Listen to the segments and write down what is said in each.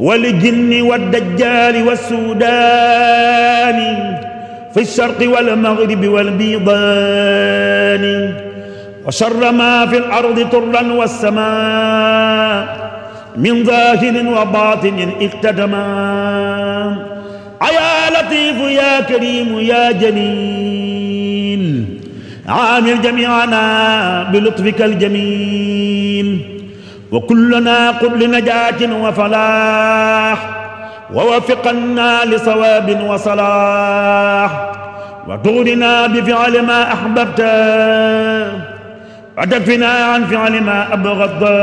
waljinni waddajjaali wassuudaani fi lsharqi walmagribi walbiidaani wa sharri maa fi lardi turran wassamaa min zaahirin wa baatinin iktatamaa yaa latiifu yaa kariimu yaa jaliil aamir jamiicanaa bi lutfika aljamiil wa kullana qud li najaatin wa falaax wa wafiqanna li sawaabin wa salaax wa tuxnina bi fiali ma axbabta wa takfina an fiali ma abgadta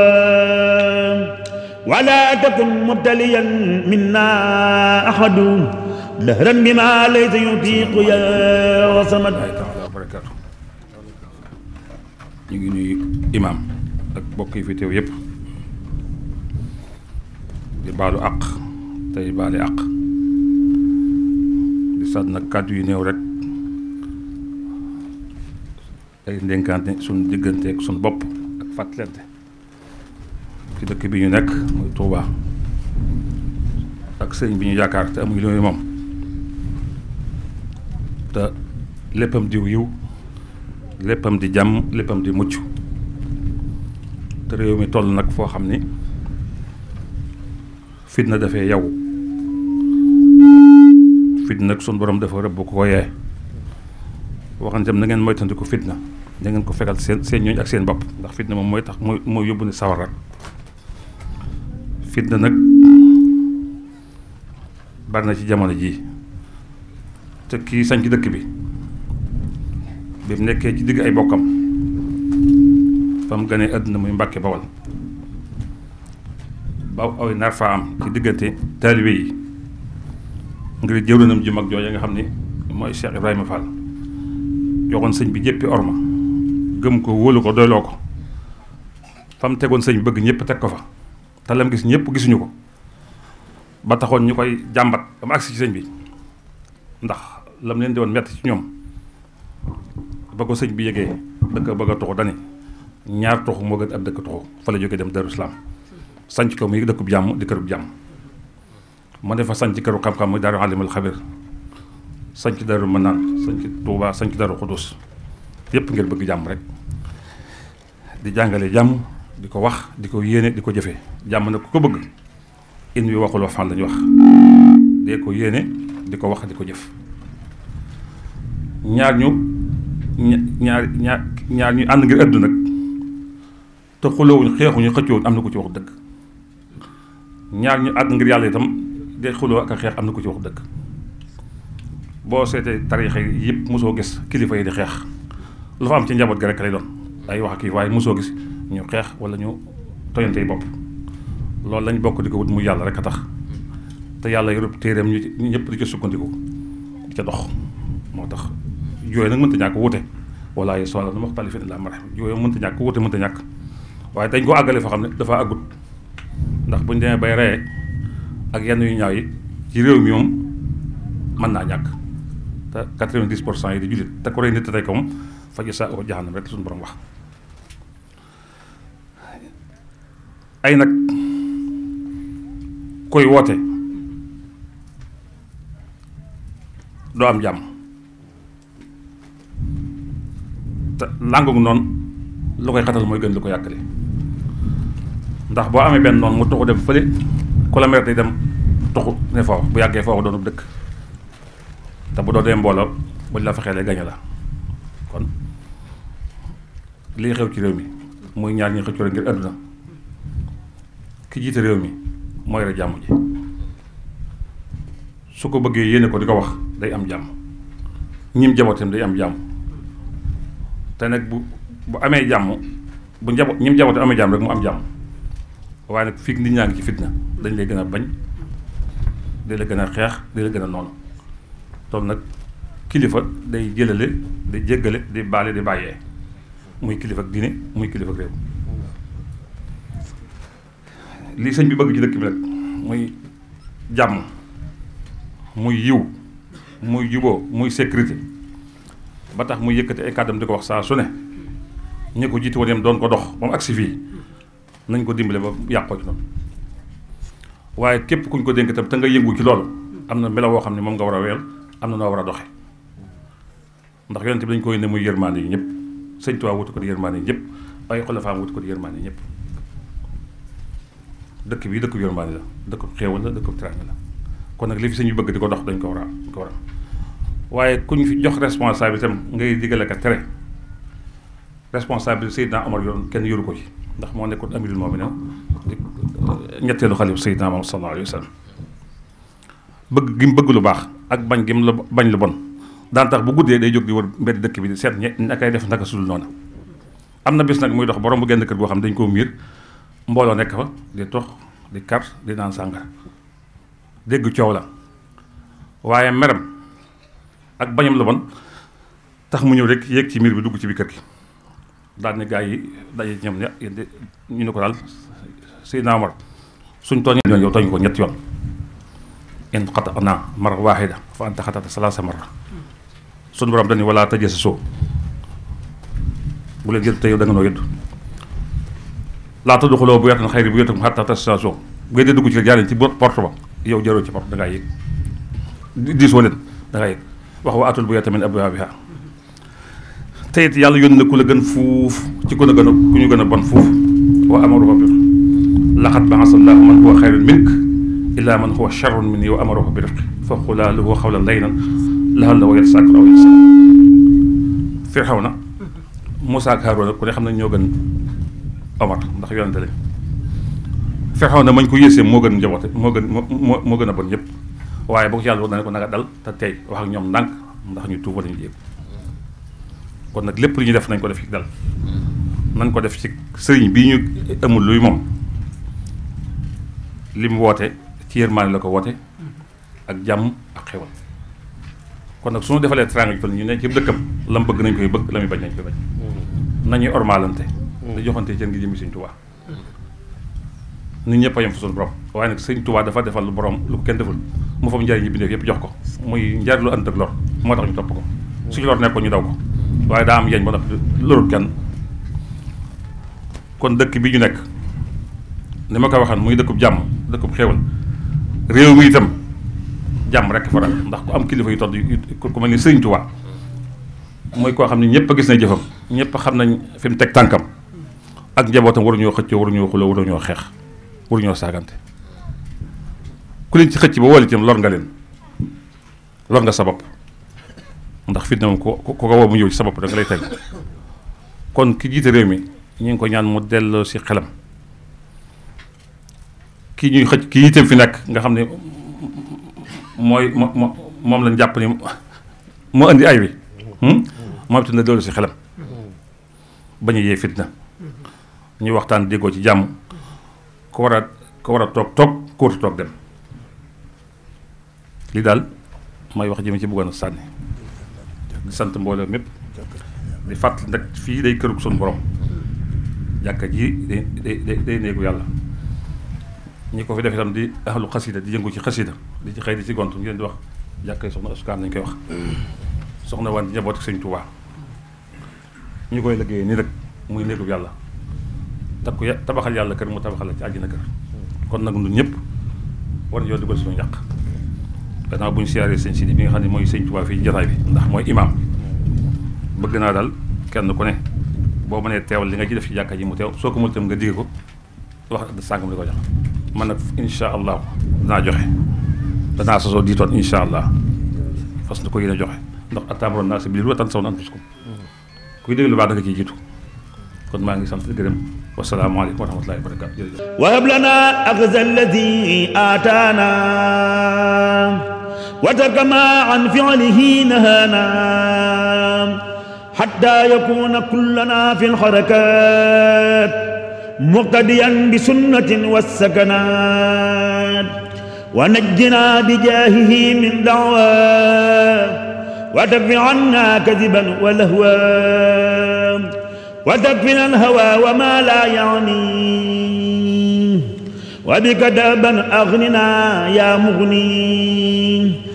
wa la takun mubtaliyan minna axadu dahran bima laysa yutiiqu yaa samad ñu ngi nuyu imaam ak mbokk yi fi teew yépp di baalu àq tey baale àq di sàdd nag kàddu yu néew rek ay ndénkaante suñu diggante ak bopp ak fàttalante ci dëkk bi ñu nekk muy Touba ak sëriñ bi ñu yaakaar te amuñu loolu moom te léppam di yiw léppam di jàmm léppam di mucc te réew mi toll nag foo xam ni fitna dafee yow fitna nag sun borom dafa rëbb ko yee waxan tam na ngeen moytandiku fitna da ngeen ko fekkal seen seen ñooñ ak seen bopp ndax fitna moom mooy tax mooy mooy yóbbu ne sawara fitna nag bari na ci jamono jii te kii sañ dëkk bi bi mu nekkee ci digg ay bokkam fa mu àdduna muy Mbàkke Bawal ba aw nar faa am ci diggante taalibe yi ngir jëwrinam ji mag jooja nga xam ni mooy Cheikh Ibrahima Fall joxoon sëñ bi jéppi orma gëm ko wóolu ko doyloo ko fam tegoon sëñ bi bëgg ñëpp teg ko fa te lam gis ñëpp gisuñu ko ba taxoon ñu koy jàmbat ba mu agsi ci sëñ bi ndax lam leen di woon metti ci ñoom ba ko sëñ bi yegee dëkk bëgg a tuxu dani ñaar tuxu moo gën ab dëkk tuxu fa la jógee dem Darou Salaam sanc ko muy dëkkub jàmm di kërub jàmm ma defa sanc këru xam-xam muy daaru alimul xabir sanc daaru manaan sanc tuubaa sanc daaru xudus yépp ngir bëgg jàmm rek di jàngale jàmm di ko wax di ko yéene di ko jëfe jàmm ku ko bëgg wi waxul waxaan lañu wax dee ko di ko wax di ko jëf ñaar ñu ñaar ñaar ñaar ñu ànd ngir ëdd nag te xulowuñ xeexuñu xëccoo am na ko ci wax dëkk ñaar ñu àgg ngir yàlla itam de xuloo ak a xeex am na ko ci wax dëkk boo seetee tariixa yi yëpp mosoo gis kilifa yi di xeex lu fa am ci njaboot gi rek lay doon ay wax ak kii waaye mosoo gis ñu xeex wala ñu toyante yi bopp loolu lañ bokk di ko wut mu yàlla rek a tax te yàlla yorub téeréem ñu ñëpp di ci sukkandiku di ca dox moo tax jooy nag mënta ñàkk wute wala ye sola nu maxtali fi ne ma raxm jooy mënta ñàkk wute mënta ñàkk waaye dañ ko àggale foo xam ne dafa àggut ndax bu ñu demee bay reye ak yenn yu ñaaw yi ci réew mi moom mën naa ñàkk te quatre-vingt-dix pour cent yi di jullit te ku rey nit te tey ko moom faj sa oo jaxanam rek suñu borom wax ay nag koy woote doo am jàmm te làngu noonu lu koy xatal mooy gën lu ko yàkkale ndax boo amee benn noonu mu tuxu dem fële ku la mer di dem tuxu ne foofu bu yàggee foofu doonu dëkk te bu doonee mbooloo buñ la fexee gañe la kon lii xew ci réew mi muy ñaar ñi xëccoo ngir ki jiite réew mi mooy rek jàmm ji su ko bëggee yéene ko di ko wax day am jàmm ñim jabootam day am jàmm te nag bu bu amee jàmm bu njaboot ñim jabootam amee jàmm rek mu am jàmm waaye nag fii nit ñaa ngi ci fitna dañ lay gën a bañ di la gën a xeex di la gën a noonu toog nag kilifa day jëlale day jéggale day baale di bàyyee muy kilifa ak diine muy kilifa ak réew li sëñ bi bëgg ci dëkk bi muy jàmm muy yiw muy juboo muy sécurité ba tax muy yëkkati ay kàddam di ko wax saa su ne ñi ko jiitu woon doon ko dox moom agsi fii nañ ko dimbale ba yàqoo ci noonu waaye képp kuñ ko dénk itam te nga yëngu ci loolu am na melo woo xam ne moom nga war a weel am na noo war a doxe ndax yonent bi dañ ko yónnee muy yërmaande yi ñëpp sëñ Tuubaa wutu ko di yërmaande yi ñëpp ay xulafaam wutu ko di yërmaande yi ñëpp dëkk bi dëkk yërmaande la dëkk xéewal la dëkk teraanga la kon nag li fi sëñ bi bëgg di ko dox dañ ko war a dañ ko war a waaye kuñ fi jox responsabilité am ngay digale ka tere responsabilité Seydina Omar yoon kenn yoru ko ci ndax moo nekkoon amirul mu'minin ñetteelu xalif Seydina Muhammad sallallahu alayhi wa bëgg gi mu bëgg lu baax ak bañ gi mu la bañ lu bon daan tax bu guddee day jóg di wër mbedd dëkk bi seet ñe nakay def naka sudul noonu am na bis nag muy dox borom bu genn kër goo xam dañ koo miir mbooloo nekk fa di tox di kar di naan sàngara dégg coow la waaye meram ak bañam lu bon tax mu ñëw rek yéeg ci miir bi dugg ci biir kër gi daal ne gaa yi daje ñoom ña ñu ne ko daal Seydina Omar suñ tooñee yoon yow tooñ ko ñett yoon in xata naa mara waaxida fa anta xatata salaasa marra suñ borom dañu wala tëjee sa soo bu leen yëdd te yow da nga noo yëdd bu weertan xayri bu yëttum xatta tastation ngeen di dugg ci jaar leen ci porte ba yow jaroo ci porte da yëg diisoo leen da yëg wax wa atul bu yee tamit abwaabiha te it yàlla yónni na ku la gën fuuf ci ku la gën a ku ñu gën a bon fuuf wa amaruhu bi laqad ba'asa llaahu man huwa xayrun mink illaa man huwa sharrun minni wa amaruhu bi rifqi fa qulaa lahu qawlan layyinan la'allahu yazzakkaru aw yansaa Firawna Muusaa ak Haaruuna ku ne xam nañ ñoo gën Omar ndax yonente lañ Firawna mañ ko yéesee moo gën njaboote moo gën moo moo gën a bon ñëpp waaye boo ko yàlla war na ne ko nanga dal te tey wax ak ñoom ndànk ndax ñu tuub wala ñu jéem kon nag lépp lu ñu def nañ ko def ci dal nañ ko def ci sëriñ bi ñu amul luy moom li mu woote ci yërmaane la ko woote ak jàmm ak xewal kon nag su ñu defalee trang bi ñu ne ci dëkkam la bëgg nañ koy bëgg la muy bañ nañ koy bañ nañuy joxante ceen ngi jëmi sëñ tubaa nit waaye nag sëñ dafa defal lu borom lu ko kenn deful mu fam njariñ yi yëpp jox ko muy njariñ lu ànd ak lor moo tax ñu topp ñu daw ko waaye daa am yeñ ba tax lërut kenn kon dëkk bi ñu nekk ni ma ko waxan muy dëkkub jàmm dëkkub xéewal réew mi itam jàmm rekk fa rek ndax ku am kilifa yu todd ku mel ni Sëriñ Tuubaa mooy koo xam ne ñëpp a gis nañ jëfam ñépp xam nañ fi teg tànkam ak njabootam waruñoo xëccoo waruñoo xuloo waruñoo xeex waruñoo saagante ku leen ci xëcc ba wóol itam lor nga leen lor nga sa bopp ndax fitna moom ko ko ko woo mu ñëw ci sa bopp danga lay teg kon ki jiite réew mi ñu ngi ko ñaan mu delloo si xelam kii ñuy xëj kii itam fi nekk nga xam ne mooy moom lañ jàpp ni moo indi ay wi hmm? moom itam na delloo si xelam bañ a yee fitna ñuy waxtaan déggoo ci jàmm ko war a ko war a toog toog kóotu toog dem lii daal may wax jëm ci bëggoon a sànni sant mbooloo mépp di fàttali nag fii day këru suñu borom jàkka ji day day day néegu yàlla ñi ko fi def itam di ahlu xasida di yëngu ci xasida di ci xëy di ci gont ñu di wax jàkka soxna asukaan nañu koy wax soxna njaboot ak sëñ Tuubaa ñu koy liggéeyee nii rek muy néegu yàlla takku tabaxal yàlla kër mu tabaxal la ci àjjana kër kon nag ñun ñëpp war nañoo dugal suñu ñàq gannaaw bu ñu siyaaree sëñ Sidi bi nga xam ne mooy sëñ Tuubaa fii jataay bi ndax mooy imaam bëgg naa daal kenn ku ne boo mënee teewal li nga ci def ci jàkka ji mu teew soo ko mën itam nga digg ko wax da sàngam di ko jox man nag incha allah danaa joxe danaa sosoo dix tonnes incha allah fas na ko yéene joxe ndax ataamuroon naa si biir wa tan saw na an fuskum kuy dégg lu baax da nga ciy jiitu kon maa ngi sant gërëm wasalaamu aleykum wa rahmatullahi wa barakatu jërëjëf wahab lana axza alladi aataana wa tarkama an fi'lihi nahana xatta yakuna kullana fi lxarakat muqtadiyan bi sunnatin wassakanat wa najjina bi jaahihi min daawa wa takfi anna kadiban wa lahwa wa takfina alhawa wa ma la yaani wa bika daban aghnina ya mughni